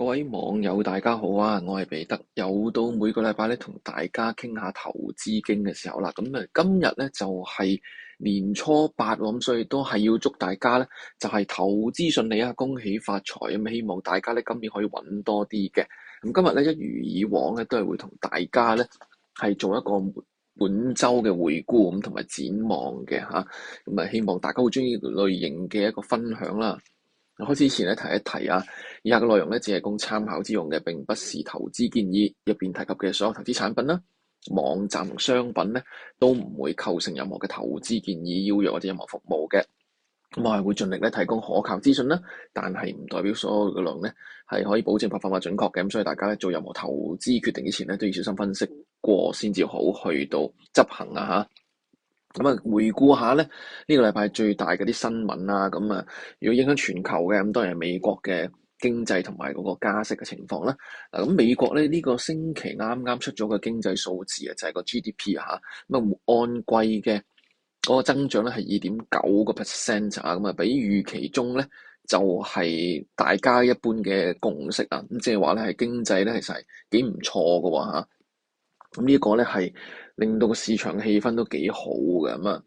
各位網友大家好啊，我係彼得，又到每個禮拜咧同大家傾下投資經嘅時候啦。咁啊，今日咧就係、是、年初八喎，咁所以都係要祝大家咧就係、是、投資順利啊，恭喜發財咁，希望大家咧今年可以揾多啲嘅。咁今日咧一如以往咧都係會同大家咧係做一個本周嘅回顧咁同埋展望嘅吓，咁啊希望大家會中意類型嘅一個分享啦。開始之前咧，提一提啊，以下嘅內容咧，只係供參考之用嘅，並不是投資建議。入邊提及嘅所有投資產品啦、網站同商品咧，都唔會構成任何嘅投資建議邀約或者任何服務嘅。我係會盡力咧提供可靠資訊啦，但係唔代表所有嘅內容咧係可以保證合法或準確嘅。咁所以大家咧做任何投資決定之前咧都要小心分析過先至好去到執行啊嚇。咁啊，回顧下咧，呢、這個禮拜最大嘅啲新聞啊，咁、嗯、啊，如果影響全球嘅，咁當然係美國嘅經濟同埋嗰個加息嘅情況啦。嗱、嗯，咁、嗯、美國咧呢、這個星期啱啱出咗個經濟數字、就是、DP，啊，就係個 GDP 啊，咁啊按季嘅嗰個增長咧係二點九個 percent 啊，咁啊比預期中咧就係、是、大家一般嘅共識啊，咁即係話咧係經濟咧其實係幾唔錯嘅喎咁呢個咧係令到個市場嘅氣氛都幾好嘅咁啊，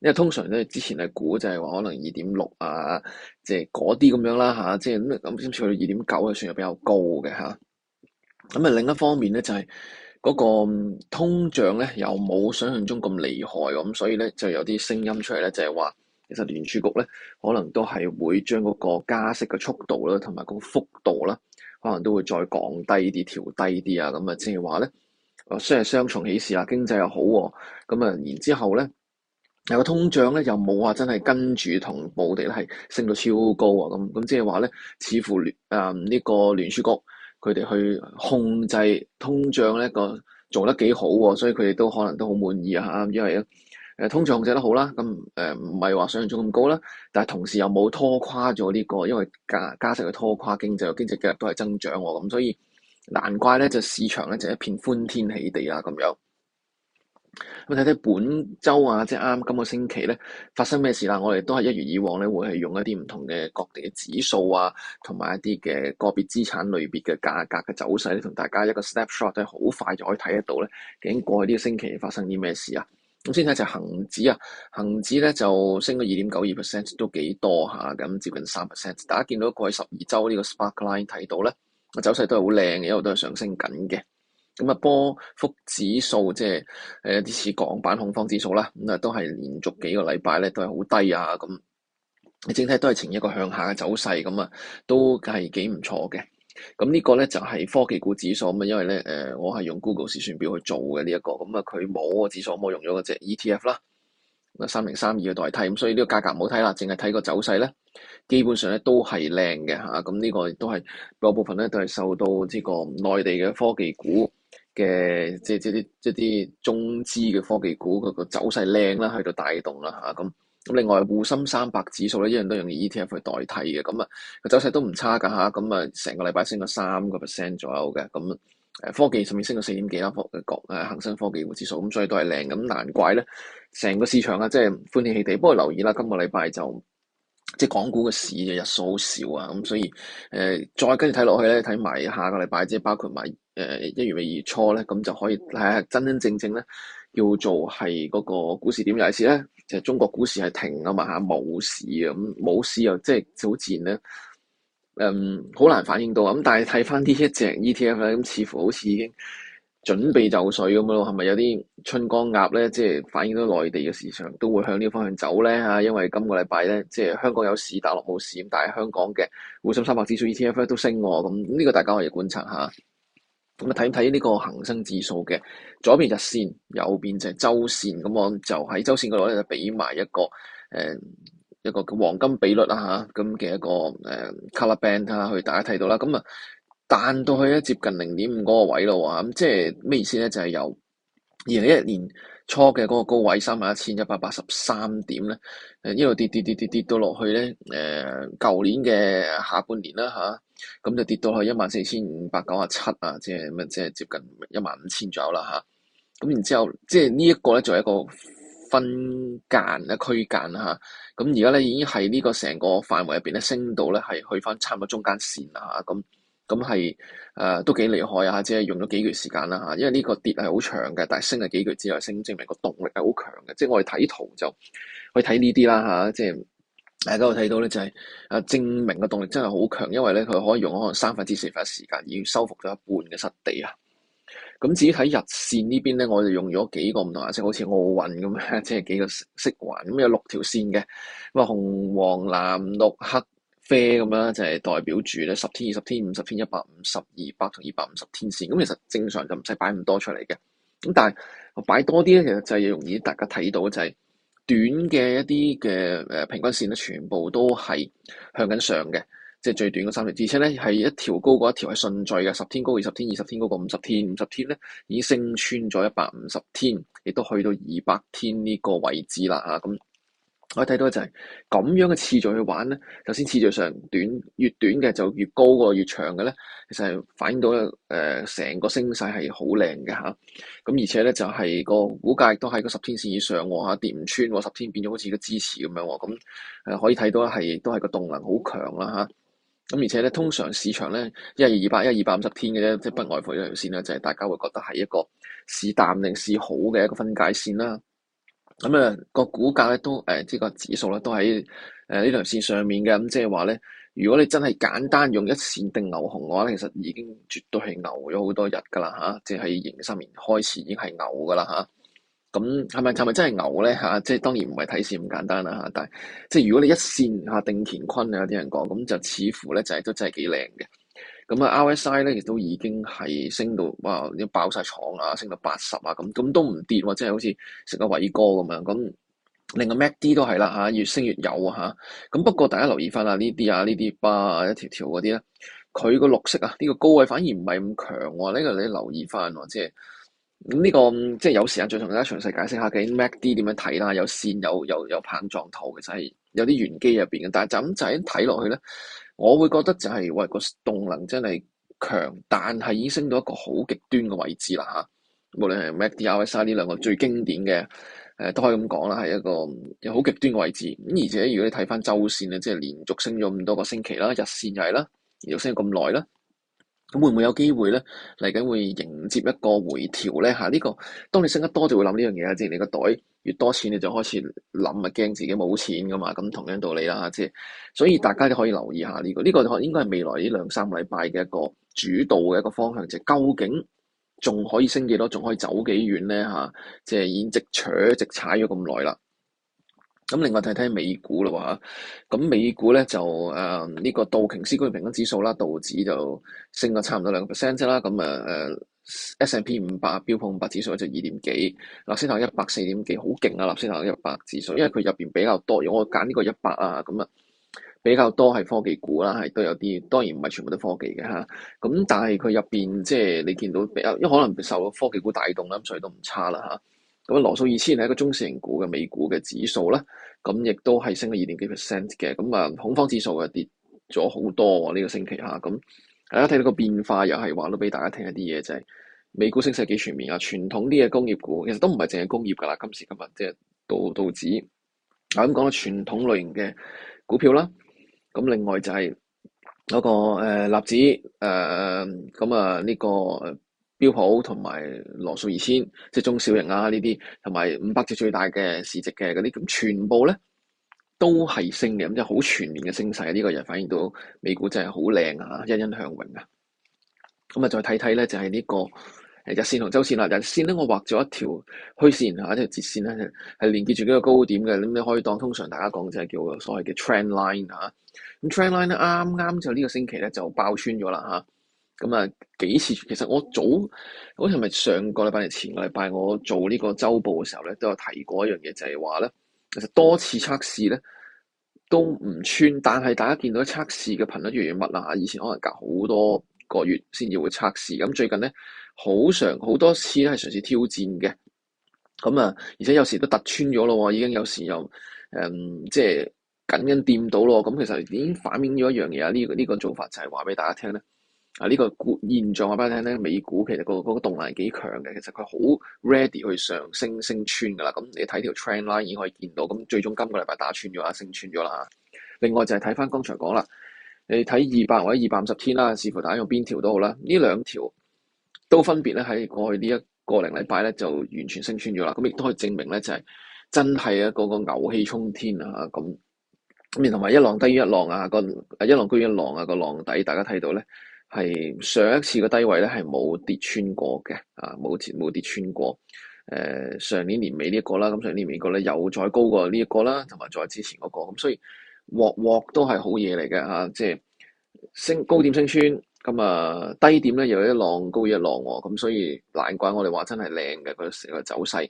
因為通常咧之前係估就係話可能二點六啊，即係嗰啲咁樣啦吓，即係咁先至去到二點九，係算係比較高嘅吓，咁啊另一方面咧就係嗰個通脹咧又冇想象中咁厲害，咁所以咧就有啲聲音出嚟咧就係話，其實聯儲局咧可能都係會將嗰個加息嘅速度啦，同埋嗰個幅度啦，可能都會再降低啲、調低啲啊，咁啊即係話咧。即係雙重喜事啦，經濟又好喎，咁啊，然之後咧，有個通脹咧又冇話真係跟住同步地咧係升到超高啊，咁咁即係話咧，似乎聯啊呢個聯儲局佢哋去控制通脹咧個做得幾好喎，所以佢哋都可能都好滿意啊嚇，因為咧誒通脹控制得好啦，咁誒唔係話想像中咁高啦，但係同時又冇拖垮咗呢、呢個，因為加加息去拖垮經濟，經濟嘅都係增長喎，咁所以。難怪咧，就市場咧就一片歡天喜地啦，咁樣咁睇睇本週啊，即係啱今個星期咧發生咩事啦、啊？我哋都係一如以往咧，會係用一啲唔同嘅各地嘅指數啊，同埋一啲嘅個別資產類別嘅價格嘅走勢咧，同大家一個 snapshot 都、啊、好快就可以睇得到咧。究竟過去呢個星期發生啲咩事啊？咁先睇就恒指啊，恒指咧就升咗二點九二 percent，都幾多下咁接近三 percent。大家見到過去十二週呢個 sparkline 睇到咧。走勢都係好靚嘅，一路都係上升緊嘅。咁啊，波幅指數即係誒啲似港版恐慌指數啦，咁啊都係連續幾個禮拜咧都係好低啊咁。你整體都係呈一個向下嘅走勢，咁啊都係幾唔錯嘅。咁呢個咧就係科技股指數咁啊，因為咧誒我係用 Google 試算表去做嘅呢一個，咁啊佢冇個指數，我用咗嗰隻 ETF 啦，三零三二嘅代替，咁所以呢個價格唔好睇啦，淨係睇個走勢咧。基本上咧都係靚嘅,吓，咁、啊、呢、這個亦都係嗰部分咧，都係受到呢個內地嘅科技股嘅，即係即係一啲中資嘅科技股個個走勢靚啦，喺度帶動啦吓咁。咁、啊啊、另外，滬深三百指數咧一樣都用 E T F 去代替嘅，咁啊個走勢都唔差噶吓，咁啊成、啊、個禮拜升咗三個 percent 左右嘅，咁。誒、啊，科技上面升咗四點幾啦，科、啊、個恒生科技股指數咁、啊，所以都係靚咁，難怪咧成個市場啊，即係歡天喜、喜地。不過留意啦，今個禮拜就。即係港股嘅市嘅日數好少啊，咁、嗯、所以誒、呃、再跟住睇落去咧，睇埋下個禮拜，即係包括埋誒、呃、一月尾二月初咧，咁、嗯、就可以睇下真真正正咧叫做係嗰個股市點解是咧，就是、中國股市係停啊嘛吓，冇市啊，咁冇市又即係好自然咧，嗯，好、嗯、難反應到啊，咁、嗯、但係睇翻呢一隻 ETF 咧，咁、嗯、似乎好似已經。準備就緒咁樣咯，係咪有啲春光鴨咧？即係反映到內地嘅市場都會向呢個方向走咧嚇，因為今個禮拜咧，即係香港有市大陸冇市，但係香港嘅滬深三百指數 ETF 都升喎，咁呢個大家可以觀察下。咁啊睇唔睇呢個恒生指數嘅左邊日線，右邊就係周線，咁我就喺周線嗰度咧就俾埋一個誒、呃、一個嘅黃金比率啦嚇，咁、啊、嘅一個誒、呃、color band 啦、啊，去大家睇到啦，咁啊。彈到去咧，接近零點五嗰個位咯，咁即係咩意思咧？就係由二零二一年初嘅嗰個高位三萬一千一百八十三點咧，誒一路跌跌跌跌跌到落去咧，誒舊年嘅下半年啦吓，咁就跌到去一萬四千五百九十七啊，即係咩？即係接近一萬五千左右啦吓，咁然之後，即係呢一個咧就係一個分間嘅區間吓，咁而家咧已經係呢個成個範圍入邊咧升到咧係去翻差唔多中間線啦吓，咁。咁係誒都幾厲害幾幾啊！即係用咗幾月時間啦嚇，因為呢個跌係好長嘅，但係升係幾月之內升，證明個動力係好強嘅。即係我哋睇圖就可以睇呢啲啦嚇，即係大家睇到咧就係誒證明個動力真係好強，因為咧佢可以用可能三分之四分時間要收復咗一半嘅失地啊！咁、嗯、至於睇日線邊呢邊咧，我哋用咗幾個唔同顏色，好似奧運咁啊，即係幾個色環咁、嗯、有六條線嘅，咁啊紅黃藍綠黑。啡咁樣，Fair, 就係代表住咧十天、二十天、五十天、一百五十、二百同二百五十天線。咁其實正常就唔使擺咁多出嚟嘅。咁但係擺多啲咧，其實就係容易大家睇到，就係短嘅一啲嘅誒平均線咧，全部都係向緊上嘅，即係最短嘅三條，而且咧係一條高過一條係順序嘅。十天高二十天、二十天高過五十天、五十天咧，已經升穿咗一百五十天，亦都去到二百天呢個位置啦啊！咁、嗯我睇到就係咁樣嘅次序去玩咧，頭先次序上短越短嘅就越高喎，越長嘅咧，其實係反映到咧成、呃、個升勢係好靚嘅嚇。咁、啊、而且咧就係、是那個估價亦都喺個十天線以上喎嚇、啊，跌唔穿喎、啊、十天變咗好似個支持咁樣喎，咁、啊、誒、啊、可以睇到係都係個動能好強啦嚇。咁、啊啊、而且咧通常市場咧一係二百一係二百五十天嘅啫，即、就是、不外乎一條線啦，就係、是、大家會覺得係一個市淡定市好嘅一個分界線啦。咁啊，個股價咧都誒，即、呃、係、呢個指數咧都喺誒呢條線上面嘅。咁即係話咧，如果你真係簡單用一線定牛熊嘅話，其實已經絕對係牛咗好多日㗎啦吓，即係新年開始已經係牛㗎啦吓，咁係咪係咪真係牛咧吓？啊，即係當然唔係睇線咁簡單啦吓、啊。但係即係如果你一線吓定乾坤啊，有啲人講，咁就似乎咧就係都真係幾靚嘅。就係就係咁啊，RSI 咧，亦、SI、都已經係升到哇，已經爆晒廠啊，升到八十啊，咁咁都唔跌喎，即係好似成個偉哥咁樣。咁另外 MACD 都係啦，吓、啊，越升越有吓，咁、啊、不過大家留意翻啦，呢啲啊，呢啲巴啊，一條條嗰啲咧，佢個綠色啊，呢、這個高位反而唔係咁強喎。呢、這個你留意翻喎，即係咁呢個即係有時間再同大家詳細解釋下究竟 MACD 點樣睇啦，有線有有有，有，有棒狀圖其實係有啲玄機入邊嘅，但係就咁就睇落去咧。我會覺得就係喂個動能真係強，但係已經升到一個好極端嘅位置啦嚇。無論係 MACD、RSI 呢兩個最經典嘅，誒、呃、都可以咁講啦，係一個又好極端嘅位置。咁而且如果你睇翻周線咧，即係連續升咗咁多個星期啦，日線又係啦，又升咗咁耐啦。咁會唔會有機會咧？嚟緊會迎接一個回調咧？嚇、啊！呢、呢個當你升得多就會諗呢樣嘢啦，即係你個袋越多錢，你就開始諗啊，驚自己冇錢噶嘛。咁同樣道理啦、啊，即係所以大家都可以留意下呢、呢個，呢個應該係未來呢兩三個禮拜嘅一個主導嘅一個方向，就係究竟仲可以升幾多，仲可以走幾遠咧？嚇、啊！即係已經直取直踩咗咁耐啦。咁另外睇睇美股啦喎，咁美股咧就誒呢、嗯，這個道瓊斯工業平均指數啦，道指就升咗差唔多兩個 percent 啫啦，咁啊誒 S&P 五百標普五百指數就二點幾，納斯達克一百四點幾，好勁啊！納斯達克一百指數，因為佢入邊比較多，如果我揀呢個一百啊，咁啊比較多係科技股啦，係都有啲，當然唔係全部都科技嘅吓，咁但係佢入邊即係你見到比較，因為可能受到科技股帶動啦，咁所以都唔差啦吓。咁羅素二千係一個中型股嘅美股嘅指數啦，咁亦都係升咗二點幾 percent 嘅。咁啊，恐慌指數啊跌咗好多呢、這個星期嚇、啊。咁大家睇到個變化，又係話到俾大家聽一啲嘢、就是，就係美股升勢幾全面啊。傳統啲嘅工業股其實都唔係淨係工業㗎啦，今時今日即係道道指。咁講到傳統類型嘅股票啦，咁另外就係嗰個納指誒咁啊呢個。呃標普同埋羅素二千、啊，即係中小型啊呢啲，同埋五百隻最大嘅市值嘅嗰啲，咁全部咧都係升嘅，咁即係好全面嘅升勢。呢、這個又反映到美股真係好靚啊，欣欣向榮啊。咁啊，再睇睇咧，就係、是、呢、這個日線同周線啦。日線咧，我畫咗一條虛線啊，一條直線咧係連結住幾個高點嘅，咁你可以當通常大家講就係叫所謂嘅 Trend Line 啊。咁 Trend Line 咧啱啱就呢個星期咧就爆穿咗啦嚇。啊咁啊，幾次其實我早好似係咪上個禮拜、前個禮拜，我做呢個週報嘅時候咧，都有提過一樣嘢，就係話咧，其實多次測試咧都唔穿，但係大家見到測試嘅頻率越嚟越密啦嚇。以前可能隔好多個月先至會測試，咁最近咧好常好多次咧係嘗試挑戰嘅。咁啊，而且有時都突穿咗咯，已經有時又誒、嗯，即係緊緊掂到咯。咁其實已經反映咗一樣嘢啊！呢個呢個做法就係話俾大家聽咧。啊！呢個現象，我俾你聽咧，美股其實個嗰個動能幾強嘅，其實佢好 ready 去上升升穿㗎啦。咁你睇條 trend line 已經可以見到，咁最終今個禮拜打穿咗啊，升穿咗啦。另外就係睇翻剛才講啦，你睇二百或者二百五十天啦，視乎大家用邊條都好啦。呢兩條都分別咧喺過去呢一個零禮拜咧就完全升穿咗啦。咁亦都可以證明咧就係真係一個個牛氣沖天啊！咁咁同埋一浪低於一浪啊，個一浪高於一浪啊，個浪底大家睇到咧。係上一次個低位咧係冇跌穿過嘅，啊冇跌冇跌穿過。誒、呃、上年年尾呢、這、一個啦，咁上年年尾個咧又再高過呢、這、一個啦，同埋再之前嗰、那個，咁所以鑊鑊都係好嘢嚟嘅嚇，即、啊、係、就是、升高點升穿。咁啊，低點咧又一浪高一,一浪喎，咁所以難怪我哋話真係靚嘅成個走勢。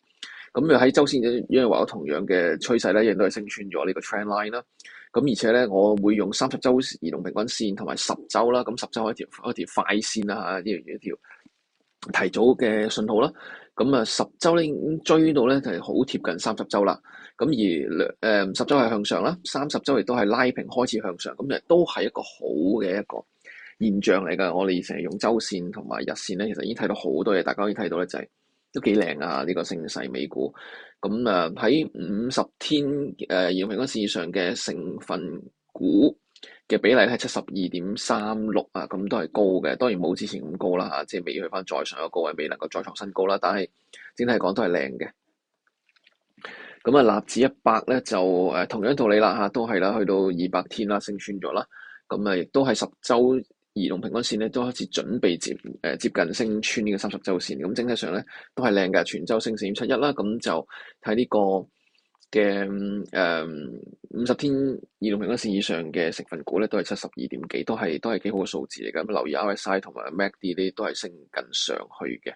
咁又喺周線因為話咗同樣嘅趨勢咧，亦都係升穿咗呢個 Trend Line 啦。咁而且咧，我會用三十週移動平均線同埋十週啦。咁十週一條一條快線嚇，呢條提早嘅信號啦。咁啊十週咧追到咧就係好貼近三十週啦。咁而誒十週係向上啦，三十週亦都係拉平開始向上，咁誒都係一個好嘅一個。現象嚟㗎，我哋成日用周線同埋日線咧，其實已經睇到好多嘢。大家可以睇到咧，就係、是、都幾靚啊！呢、這個升勢美股咁誒，喺五十天誒移平均線上嘅成分股嘅比例係七十二點三六啊，咁都係高嘅。當然冇之前咁高啦嚇、啊，即係未去翻再上嘅高位，未能夠再創新高啦。但係整體講都係靚嘅。咁啊，納指一百咧就誒、呃、同樣道理啦吓、啊、都係啦，去到二百天啦，升穿咗啦。咁啊，亦都係十周。移動平均線咧都開始準備接誒、呃、接近升穿呢個三十週線，咁整體上咧都係靚嘅，全周升四點七一啦，咁就睇呢個嘅誒五十天移動平均線以上嘅成份股咧都係七十二點幾，都係都係幾好嘅數字嚟嘅。咁留意 RSI 同埋 MACD 呢啲都係升緊上去嘅。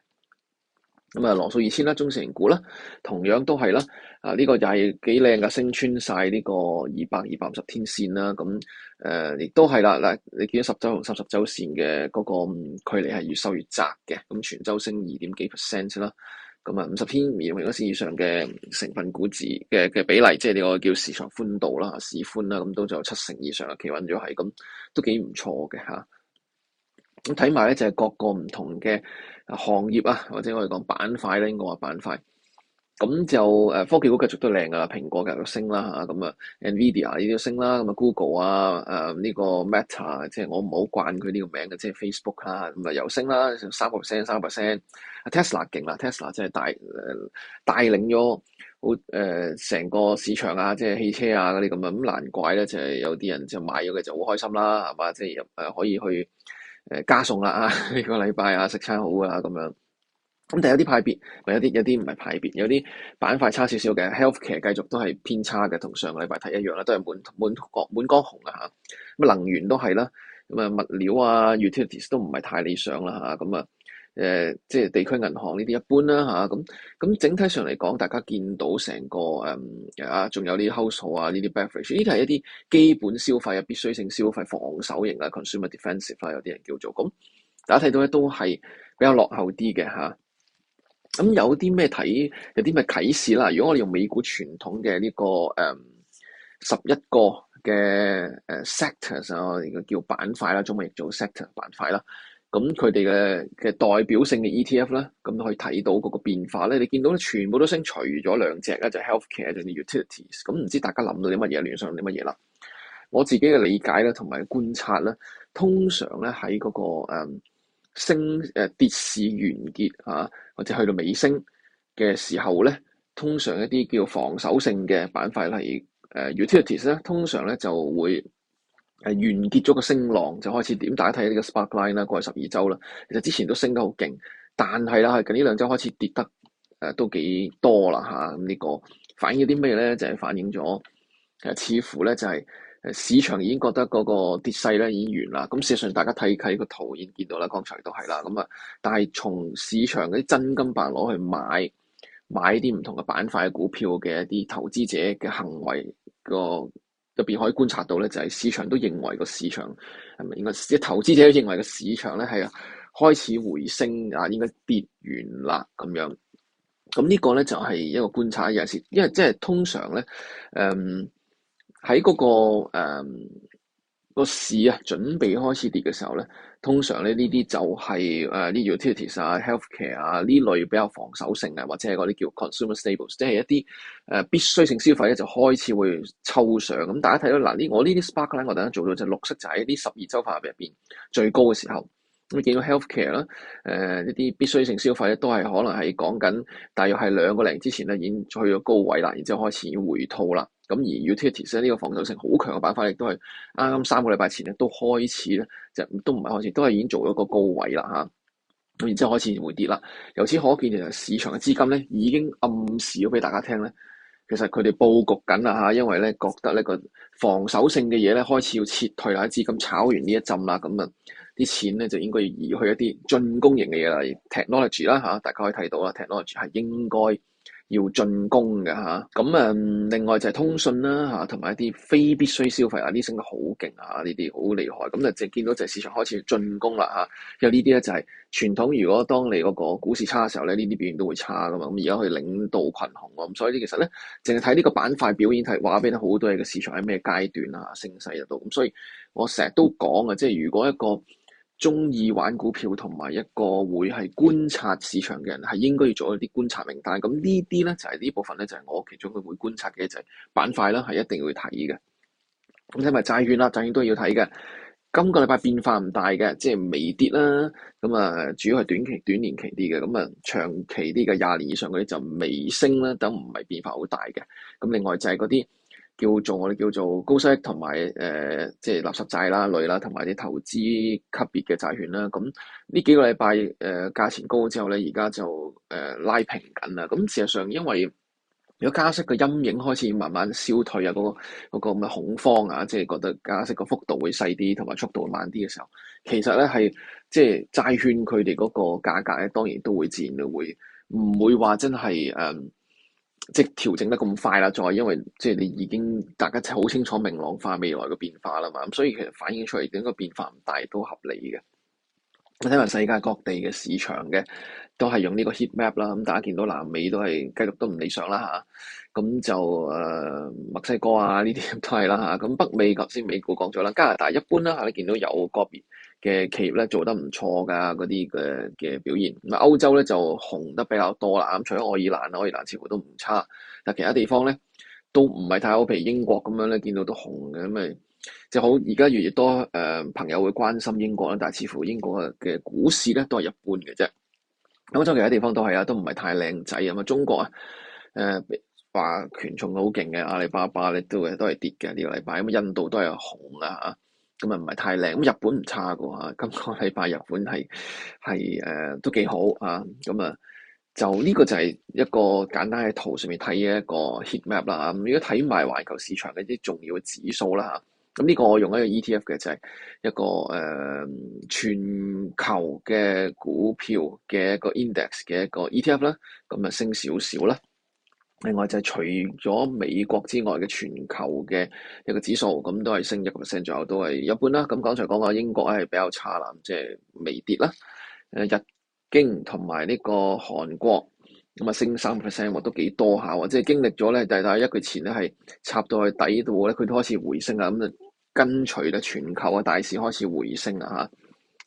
咁啊，羅素二千啦，2000，中成股啦，同樣都係啦，啊呢、這個又係幾靚噶，升穿晒呢個二百二百五十天線啦，咁誒亦都係啦，嗱、呃啊、你見到十周同三十周線嘅嗰、那個距離係越收越窄嘅，咁、啊、全周升二點幾 percent 先啦，咁啊五十、嗯、天二百五十天以上嘅成分股指嘅嘅比例，即係呢個叫市場寬度啦、啊，市寬啦，咁、啊嗯、都就七成以上企穩咗，係咁、就是啊、都幾唔錯嘅嚇。啊咁睇埋咧就係各個唔同嘅行業啊，或者我哋講板塊咧，應該話板塊，咁就誒科技股繼續都靚噶啦，蘋果繼續升啦嚇，咁啊，Nvidia 呢啲都升啦，咁啊 Google 啊誒呢個 Meta 即係我唔好慣佢呢個名嘅，即係 Facebook 啦咁啊，又升啦，三個 percent 三 percent。Tesla 勁啦，Tesla 即係帶帶領咗好誒成個市場啊，即係汽車啊嗰啲咁啊，咁難怪咧就係有啲人即係買咗嘅就好開心啦，係嘛，即係誒可以去。誒加餸啦啊！呢、這個禮拜啊，食餐好啊咁樣。咁第一啲派，派別，有啲有啲唔係派別，有啲板塊差少少嘅。healthcare 繼續都係偏差嘅，同上個禮拜睇一樣啦，都係滿滿國滿江紅啊嚇。咁能源都係啦。咁啊物料啊，utilities 都唔係太理想啦嚇。咁啊。誒，即係地區銀行呢啲一般啦嚇，咁、啊、咁整體上嚟講，大家見到成個誒啊，仲、嗯、有啲 house 啊，呢啲 beverage，依啲係一啲基本消費啊、必須性消費、防守型啊，consumer defensive 啦、啊，有啲人叫做咁、啊，大家睇到咧都係比較落後啲嘅嚇。咁、啊、有啲咩睇，有啲咩啟示啦、啊？如果我哋用美股傳統嘅呢、這個誒十一個嘅誒、呃、sectors 啊，呢個叫板塊啦，中文亦做 sector 板塊啦。咁佢哋嘅嘅代表性嘅 ETF 咧，咁可以睇到嗰個變化咧。你見到咧，全部都升除，除咗兩隻咧就係、healthcare 同啲 utilities。咁唔知大家諗到啲乜嘢，聯想啲乜嘢啦？我自己嘅理解咧，同埋觀察咧，通常咧喺嗰個誒升誒跌市完結吓，或者去到尾聲嘅時候咧，通常一啲叫防守性嘅板塊咧，誒 utilities 咧，通常咧就會。係完結咗個升浪，就開始點？大家睇下呢個 sparkline 啦，過去十二周啦。其實之前都升得好勁，但係啦，近呢兩周開始跌得誒、呃，都幾多啦吓。咁、啊、呢、這個反映啲咩咧？就係、是、反映咗誒、呃，似乎咧就係、是、誒、呃，市場已經覺得嗰個跌勢咧已經完啦。咁、嗯、事實上，大家睇睇個圖，已經見到啦。剛才都係啦。咁、嗯、啊，但係從市場嗰啲真金白銀攞去買買啲唔同嘅板塊股票嘅一啲投資者嘅行為個，入邊可以觀察到咧，就係市場都認為個市場係咪應該，即投資者都認為個市場咧係開始回升啊，應該跌完啦咁樣。咁呢個咧就係一個觀察，有時，因為即係通常咧，喺、嗯、嗰、嗰個誒、嗯嗰個市啊準備開始跌嘅時候咧。通常咧呢啲就係誒啲 utilities 啊、healthcare 啊呢類比較防守性嘅，或者係嗰啲叫 consumer staples，即係一啲誒、呃、必須性消費咧就開始會抽上。咁、嗯、大家睇到嗱、er、呢，我呢啲 spark 咧，我等間做到就綠色就喺呢十二週化入邊最高嘅時候，咁見到 healthcare 啦、呃，誒呢啲必須性消費咧都係可能係講緊大約係兩個零之前咧已經去咗高位啦，然之後開始要回吐啦。咁而 utilities 咧呢、這個防守性好強嘅板塊，亦都係啱啱三個禮拜前咧都開始咧，就都唔係開始，都係已經做咗個高位啦吓，咁、啊、然之後開始回跌啦。由此可見，其實市場嘅資金咧已經暗示咗俾大家聽咧，其實佢哋佈局緊啦吓，因為咧覺得呢個防守性嘅嘢咧開始要撤退啦，資金炒完一陣呢一陣啦，咁啊啲錢咧就應該要移去一啲進攻型嘅嘢啦，technology 啦、啊、嚇，大家可以睇到啦，technology 係應該。要進攻嘅嚇，咁、啊、誒另外就係通訊啦嚇，同、啊、埋一啲非必需消費啊呢升得好勁啊，呢啲好厲害，咁就淨見到就係市場開始要進攻啦嚇。啊、有呢啲咧就係、是、傳統，如果當你嗰個股市差嘅時候咧，呢啲表現都會差噶嘛。咁而家佢領導群雄喎，咁、啊、所以其實咧，淨係睇呢個板塊表演，睇話俾你好多嘢嘅市場喺咩階段啊，升勢入度。咁、啊、所以我成日都講啊，即、就、係、是、如果一個。中意玩股票同埋一個會係觀察市場嘅人，係應該要做一啲觀察名單。咁呢啲咧就係、是、呢部分咧，就係、是、我其中嘅會觀察嘅一隻板塊啦，係一定要睇嘅。咁睇埋債券啦，債券都要睇嘅。今個禮拜變化唔大嘅，即係微跌啦。咁啊，主要係短期、短年期啲嘅，咁啊長期啲嘅廿年以上嗰啲就微升啦，等唔係變化好大嘅。咁另外就係嗰啲。叫做我哋叫做高息同埋誒，即係垃圾債啦、類、呃、啦，同埋啲投資級別嘅債券啦。咁、嗯、呢幾個禮拜誒價錢高之後咧，而家就誒、呃、拉平緊啦。咁事實上，因為如果加息嘅陰影開始慢慢消退啊，嗰、嗰個咁嘅、嗰個嗰個、恐慌啊，即係覺得加息個幅度會細啲，同埋速度慢啲嘅時候，其實咧係即係債券佢哋嗰個價格咧，當然都會自然會唔會話真係誒，呃呃即係調整得咁快啦，再因為即係你已經大家好清楚明朗化未來嘅變化啦嘛，咁所以其實反映出嚟應該變化唔大都合理嘅。我睇下世界各地嘅市場嘅，都係用呢個 heat map 啦，咁大家見到南美都係繼續都唔理想啦嚇，咁就誒、呃、墨西哥啊呢啲都係啦嚇，咁北美頭先美股講咗啦，加拿大一般啦嚇，你見到有個別，嘅企業咧做得唔錯㗎，嗰啲嘅嘅表現。咁歐洲咧就紅得比較多啦。咁除咗愛爾蘭啦，愛爾蘭似乎都唔差。但其他地方咧都唔係太好，譬如英國咁樣咧見到都紅嘅咁咪就好。而家越嚟越多誒、呃、朋友會關心英國啦，但係似乎英國嘅股市咧都係一般嘅啫。歐洲其他地方都係啊，都唔係太靚仔啊。中國啊誒話權重好勁嘅阿里巴巴咧都係都係跌嘅呢、呢個禮拜。咁印度都係紅啦嚇。啊咁啊，唔係太靚咁。日本唔差噶吓，今個禮拜日本係係誒都幾好啊。咁、嗯、啊，就呢、這個就係一個簡單喺圖上面睇嘅一個 heat map 啦。咁如果睇埋環球市場嘅啲重要指數啦吓，咁、啊、呢、嗯這個我用一個 E T F 嘅就係一個誒、呃、全球嘅股票嘅一個 index 嘅一個 E T F 啦，咁、嗯、啊、嗯、升少少啦。另外就係除咗美國之外嘅全球嘅一個指數咁都係升一個 percent 左右。都係一般啦。咁、嗯、剛才講過英國係比較差啦，即係微跌啦。誒、呃，日經同埋呢個韓國咁啊升三 percent、哦、都幾多下喎、哦。即係經歷咗咧，第係一句詞咧係插到去底度咧，佢都開始回升啦。咁、嗯、就跟隨咧全球嘅大市開始回升啦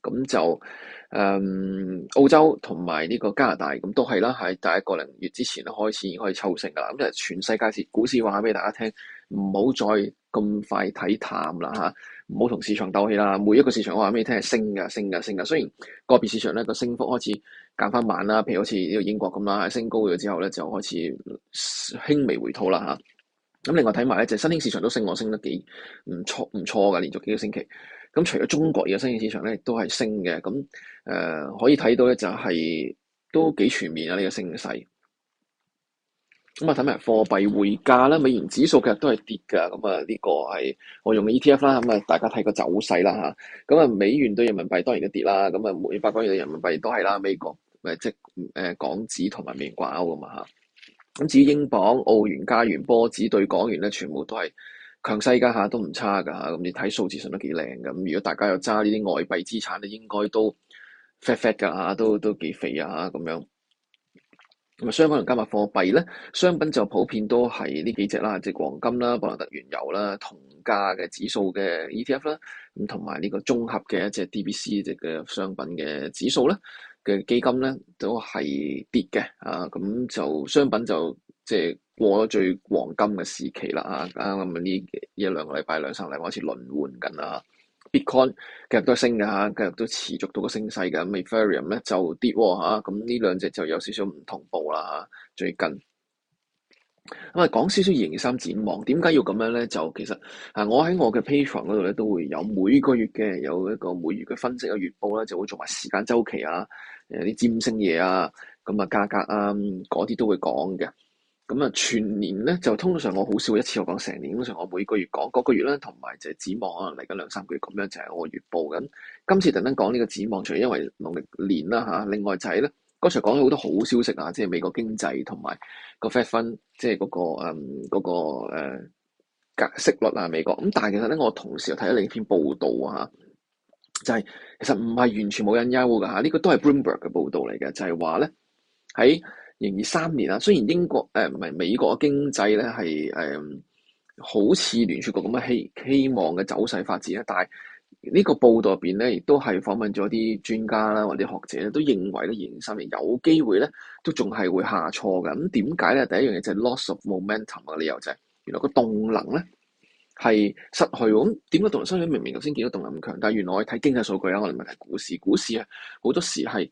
吓。咁、嗯、就。誒、嗯、澳洲同埋呢個加拿大咁都係啦，喺第一個零月之前開始已經可以抽成噶啦。咁就係全世界市股市話俾大家聽，唔好再咁快睇淡啦嚇，唔好同市場鬥氣啦。每一個市場我話俾你聽係升嘅，升嘅，升嘅。雖然個別市場咧個升幅開始減翻慢啦，譬如好似呢個英國咁啦，升高咗之後咧就開始輕微回吐啦嚇。咁另外睇埋咧就係、新興市場都升，我升得幾唔錯唔錯㗎，連續幾個星期。咁除咗中國嘅家新市場咧，都係升嘅。咁誒、呃、可以睇到咧，就係、是、都幾全面啊！呢、這個升勢。咁啊，睇埋貨幣匯價啦，美元指數其實都係跌嘅。咁啊，呢個係我用嘅 ETF 啦。咁啊，大家睇個走勢啦嚇。咁啊，美元對人民幣當然都跌啦。咁啊，每百港元對人民幣都係啦。美國誒即誒港紙同埋美元掛鈎㗎嘛嚇。咁至於英鎊、澳元、加元、波紙對港元咧，全部都係。強勢家下都唔差噶，咁你睇數字上都幾靚。咁如果大家又揸呢啲外幣資產咧，應該都 fat fat 噶嚇，都都幾肥啊咁樣。咁啊，相關加密貨幣咧，商品就普遍都係呢幾隻啦，即係黃金啦、布蘭特原油啦、銅價嘅指數嘅 ETF 啦，咁同埋呢個綜合嘅一隻 DBC 嘅商品嘅指數咧嘅基金咧，都係跌嘅啊。咁就商品就即係，過咗最黃金嘅時期啦嚇，咁啊呢一兩個禮拜、兩三禮拜開始輪換緊啦。Bitcoin 今日都升嘅嚇，今日都持續到個升勢嘅。Ethereum 咧就跌喎，咁呢兩隻就有少少唔同步啦嚇，最近。咁啊講少少形三展望，點解要咁樣咧？就其實啊，我喺我嘅 Patreon 嗰度咧都會有每個月嘅有一個每月嘅分析嘅月報咧，就會做埋時間周期啊，誒啲占星嘢啊，咁啊價格啊嗰啲都會講嘅。咁啊，全年咧就通常我好少一次我講成年，通常我每個月講嗰、那個月咧，同埋就係展望可能嚟緊兩三個月咁樣就係我月報緊。今次特登講呢個展望，除咗因為農曆年啦嚇、啊，另外就係咧剛才講咗好多好消息啊，即係美國經濟同埋個 Fed Fund，即係嗰個嗯嗰個誒加息率啊美國。咁但係其實咧，我同時又睇咗另一篇報道啊，就係、是、其實唔係完全冇隱憂噶嚇，呢、啊這個都係 Bloomberg 嘅報道嚟嘅，就係話咧喺。二三年啦，雖然英國誒唔係美國嘅經濟咧係誒好似聯儲局咁嘅希希望嘅走勢發展咧，但係呢個報道入邊咧亦都係訪問咗啲專家啦或者學者咧，都認為咧二三年有機會咧都仲係會下挫嘅。咁點解咧？第一樣嘢就係 loss of momentum 嘅理由就係、是、原來個動能咧係失，失去。咁點解動能？雖然明明頭先見到動能咁強，但係原來我哋睇經濟數據啊，我哋唔係睇股市，股市啊好多時係。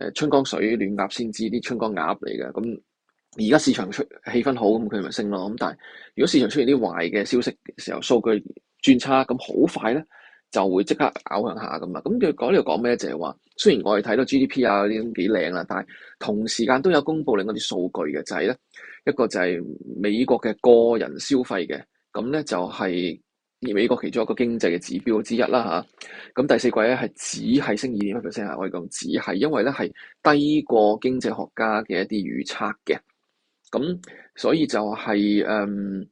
誒春江水暖鴨先知，啲春江鴨嚟嘅，咁而家市場出氣氛好，咁佢咪升咯？咁但係如果市場出現啲壞嘅消息嘅時候，數據轉差，咁好快咧就會即刻拗向下咁啊！咁佢講呢度講咩？就係、是、話，雖然我哋睇到 GDP 啊啲都幾靚啦、啊，但係同時間都有公布另一啲數據嘅，就係、是、咧一個就係美國嘅個人消費嘅，咁咧就係、是。而美國其中一個經濟嘅指標之一啦吓，咁、啊、第四季咧係只係升二點一 percent，係可以講只係，因為咧係低過經濟學家嘅一啲預測嘅，咁所以就係、是、誒、嗯、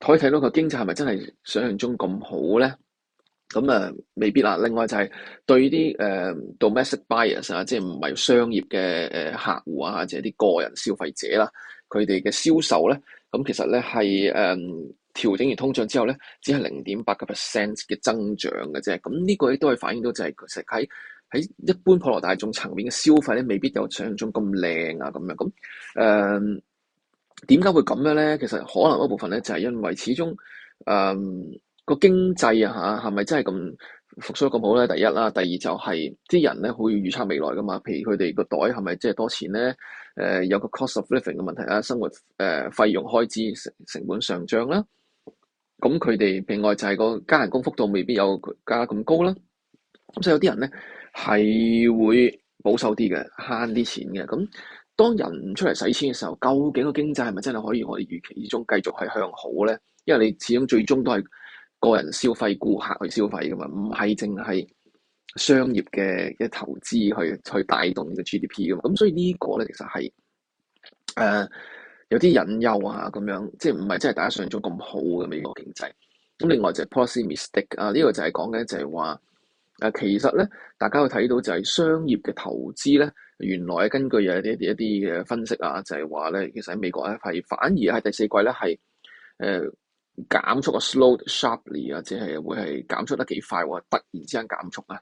可以睇到個經濟係咪真係想像中咁好咧？咁啊未必啊。另外就係、是、對啲誒、呃、domestic buyers 啊，即係唔係商業嘅誒客戶啊，或者啲個人消費者啦，佢哋嘅銷售咧，咁、啊、其實咧係誒。調整完通脹之後咧，只係零點八個 percent 嘅增長嘅啫。咁呢個亦都係反映到就係、是、其實喺喺一般普羅大眾層面嘅消費咧，未必有想像中咁靚啊咁樣咁誒。點、嗯、解會咁樣咧？其實可能一部分咧就係因為始終誒個、嗯、經濟啊嚇係咪真係咁復甦咁好咧？第一啦，第二就係、是、啲人咧好要預測未來噶嘛。譬如佢哋個袋係咪即係多錢咧？誒、呃、有個 cost of living 嘅問題啊，生活誒、呃、費用開支成成本上漲啦。咁佢哋另外就係個加人工幅度未必有佢加得咁高啦，咁所以有啲人咧係會保守啲嘅，慳啲錢嘅。咁當人出嚟使錢嘅時候，究竟個經濟係咪真係可以我哋預期之中繼續係向好咧？因為你始終最終都係個人消費顧客去消費噶嘛，唔係淨係商業嘅嘅投資去去帶動呢個 GDP 噶嘛。咁所以個呢個咧其實係誒。呃有啲隱憂啊，咁樣即係唔係真係大家想象中咁好嘅美國經濟。咁另外就係 policy mistake 啊，呢個就係講緊就係話，啊其實咧大家會睇到就係商業嘅投資咧，原來根據有啲一啲嘅分析啊，就係話咧其實喺美國咧係反而喺第四季咧係誒減速啊，slow sharply 啊，即係會係減速得幾快喎，突然之間減速啊。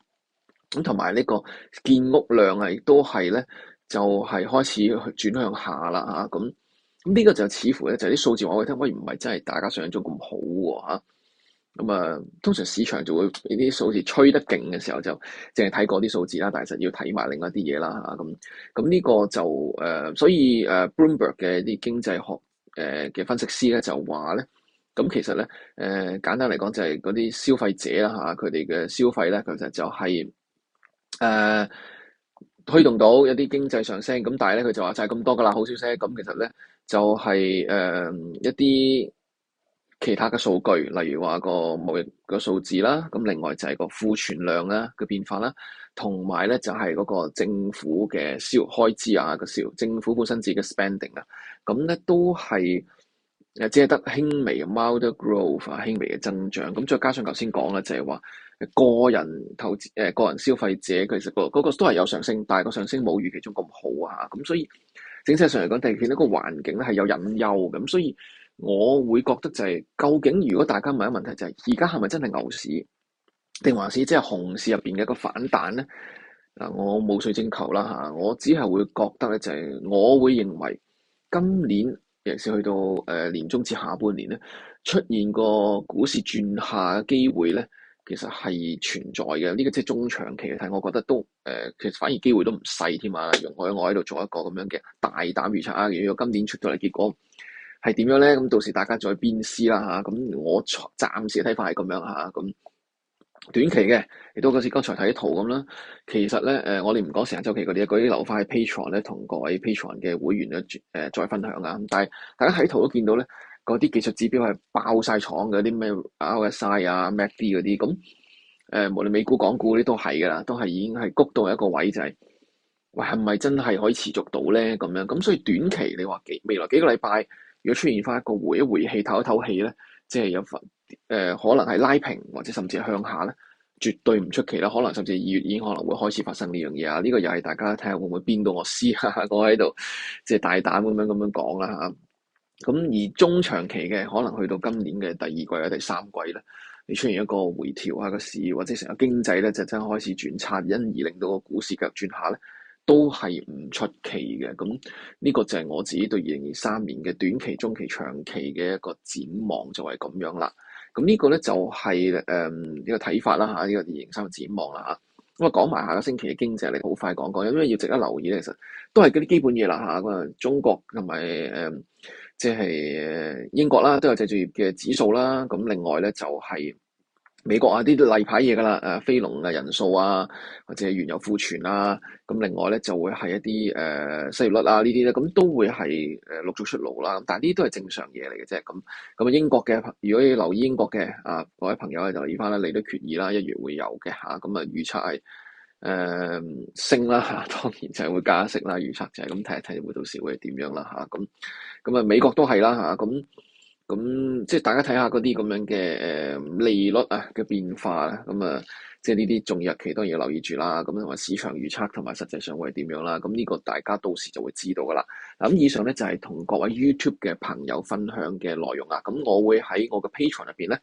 咁同埋呢個建屋量啊，亦都係咧就係、是、開始轉向下啦嚇，咁、啊。嗯呢個就似乎咧，就啲數字我聽講，唔係真係大家想象中咁好喎。咁啊，通常市場就會俾啲數字吹得勁嘅時候，就淨係睇嗰啲數字啦。但係實要睇埋另一啲嘢啦嚇。咁咁呢個就誒，所以誒 Bloomberg 嘅一啲經濟學誒嘅分析師咧就話咧，咁其實咧誒、呃、簡單嚟講就係嗰啲消費者啦嚇，佢哋嘅消費咧其實就係、是、誒、呃、推動到有啲經濟上升。咁但係咧佢就話就係咁多嘅啦，好消息咁其實咧。就係、是、誒、呃、一啲其他嘅數據，例如話個貿易嘅數字啦，咁另外就係個庫存量啦嘅變化啦，同埋咧就係嗰個政府嘅消開支啊嘅消，政府本身自己 spending 啊，咁咧都係誒只係得輕微 moderate growth 啊，輕微嘅增長。咁、啊、再加上頭先講啦，就係話個人投資誒、呃、個人消費者其實個嗰個都係有上升，但係個上升冇預期中咁好啊，咁所以。整體上嚟講，地鐵呢個環境咧係有隱憂，咁所以我會覺得就係、是、究竟如果大家問嘅問題就係，而家係咪真係牛市，定還是即係熊市入邊嘅一個反彈咧？嗱，我冇水晶球啦嚇，我只係會覺得咧就係，我會認為今年尤其是去到誒年中至下半年咧，出現個股市轉下嘅機會咧。其實係存在嘅，呢、這個即係中長期嚟睇，我覺得都誒、呃，其實反而機會都唔細添啊！容許，我喺度做一個咁樣嘅大膽預測啊！如果今年出到嚟結果係點樣咧？咁到時大家再鞭屍啦吓，咁、啊、我暫時睇法係咁樣吓，咁、啊、短期嘅亦都好似剛才睇圖咁啦。其實咧誒、呃，我哋唔講成日週期嗰啲嗰啲留翻喺 Patron 咧，同各位 Patron 嘅會員嘅誒、呃、再分享啊。但係大家睇圖都見到咧。嗰啲技術指標係爆晒廠嘅，啲咩 RSI e 啊、MACD 嗰啲，咁誒、呃、無論美股、港股嗰啲都係㗎啦，都係已經係谷到一個位就係、是，喂係咪真係可以持續到咧？咁樣咁所以短期你話幾未來幾個禮拜，如果出現翻一個回一回氣、唞一唞氣咧，即係有份誒、呃、可能係拉平或者甚至向下咧，絕對唔出奇啦。可能甚至二月已經可能會開始發生呢樣嘢啊！呢、這個又係大家睇下會唔會邊個我試下我喺度即係大膽咁樣咁樣講啦嚇。啊咁而中長期嘅，可能去到今年嘅第二季啊、第三季咧，你出現一個回調啊，個市或者成個經濟咧就真開始轉差，因而令到個股市嘅轉下咧，都係唔出奇嘅。咁呢個就係我自己對二零二三年嘅短期、中期、長期嘅一個展望就係咁樣啦。咁呢個咧就係誒呢個睇法啦吓，呢個二零二三展望啦吓。咁啊，講埋下個星期嘅經濟你好快講講，因為要值得留意咧，其實都係嗰啲基本嘢啦吓。咁啊，中國同埋誒。嗯即係誒，英國啦，都有製造業嘅指數啦。咁另外咧就係、是、美國啊啲例牌嘢噶啦，誒，非農嘅人數啊，或者係原油庫存啦、啊。咁另外咧就會係一啲誒失業率啊呢啲咧，咁都會係誒錄咗出路啦。但係呢啲都係正常嘢嚟嘅啫。咁咁啊，英國嘅，如果你留意英國嘅啊各位朋友咧，就留意翻啦，利率決議啦，一月會有嘅吓。咁啊，預測係。誒升啦嚇，當然就係會加息啦，預測就係咁睇一睇，會到時會係點樣啦嚇，咁咁啊美國都係啦嚇，咁咁即係大家睇下嗰啲咁樣嘅誒利率啊嘅變化啊，咁啊即係呢啲重要日期當然要留意住啦，咁同埋市場預測同埋實際上會係點樣啦，咁呢個大家到時就會知道噶啦。咁以上咧就係同各位 YouTube 嘅朋友分享嘅內容啊，咁我會喺我嘅 Patreon 入邊咧，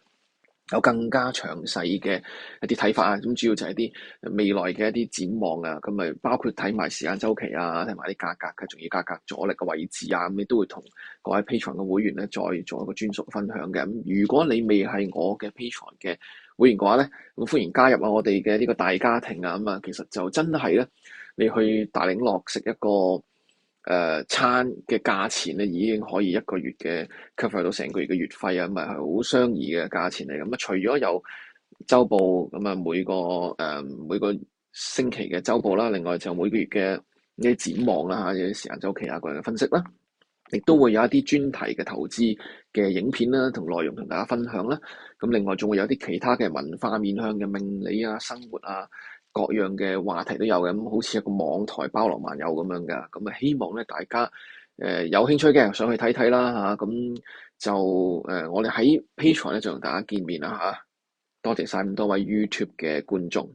有更加詳細嘅一啲睇法啊，咁主要就係啲未來嘅一啲展望啊，咁咪包括睇埋時間周期啊，睇埋啲價格嘅仲要價格阻力嘅位置啊，咁你都會同各位 Patreon 嘅會員咧，再做一個專屬分享嘅。咁如果你未係我嘅 Patreon 嘅會員嘅話咧，咁歡迎加入啊我哋嘅呢個大家庭啊，咁啊其實就真係咧，你去大領落食一個誒、呃、餐嘅價錢咧，已經可以一個月嘅 cover 到成個月嘅月費啊，咁啊係好相宜嘅價錢嚟咁啊。除咗有周報咁啊、嗯，每個誒、呃、每個星期嘅周報啦，另外就每個月嘅嘅展望啦嚇，有啲時間周期啊，個人分析啦，亦都會有一啲專題嘅投資嘅影片啦，同內容同大家分享啦。咁、嗯、另外仲會有啲其他嘅文化面向嘅命理啊、生活啊。各樣嘅話題都有嘅，咁好似一個網台包羅萬有咁樣噶，咁啊希望咧大家誒有興趣嘅人上去睇睇啦嚇，咁就誒我哋喺 Patreon 咧就同大家見面啦嚇，多謝晒咁多位 YouTube 嘅觀眾。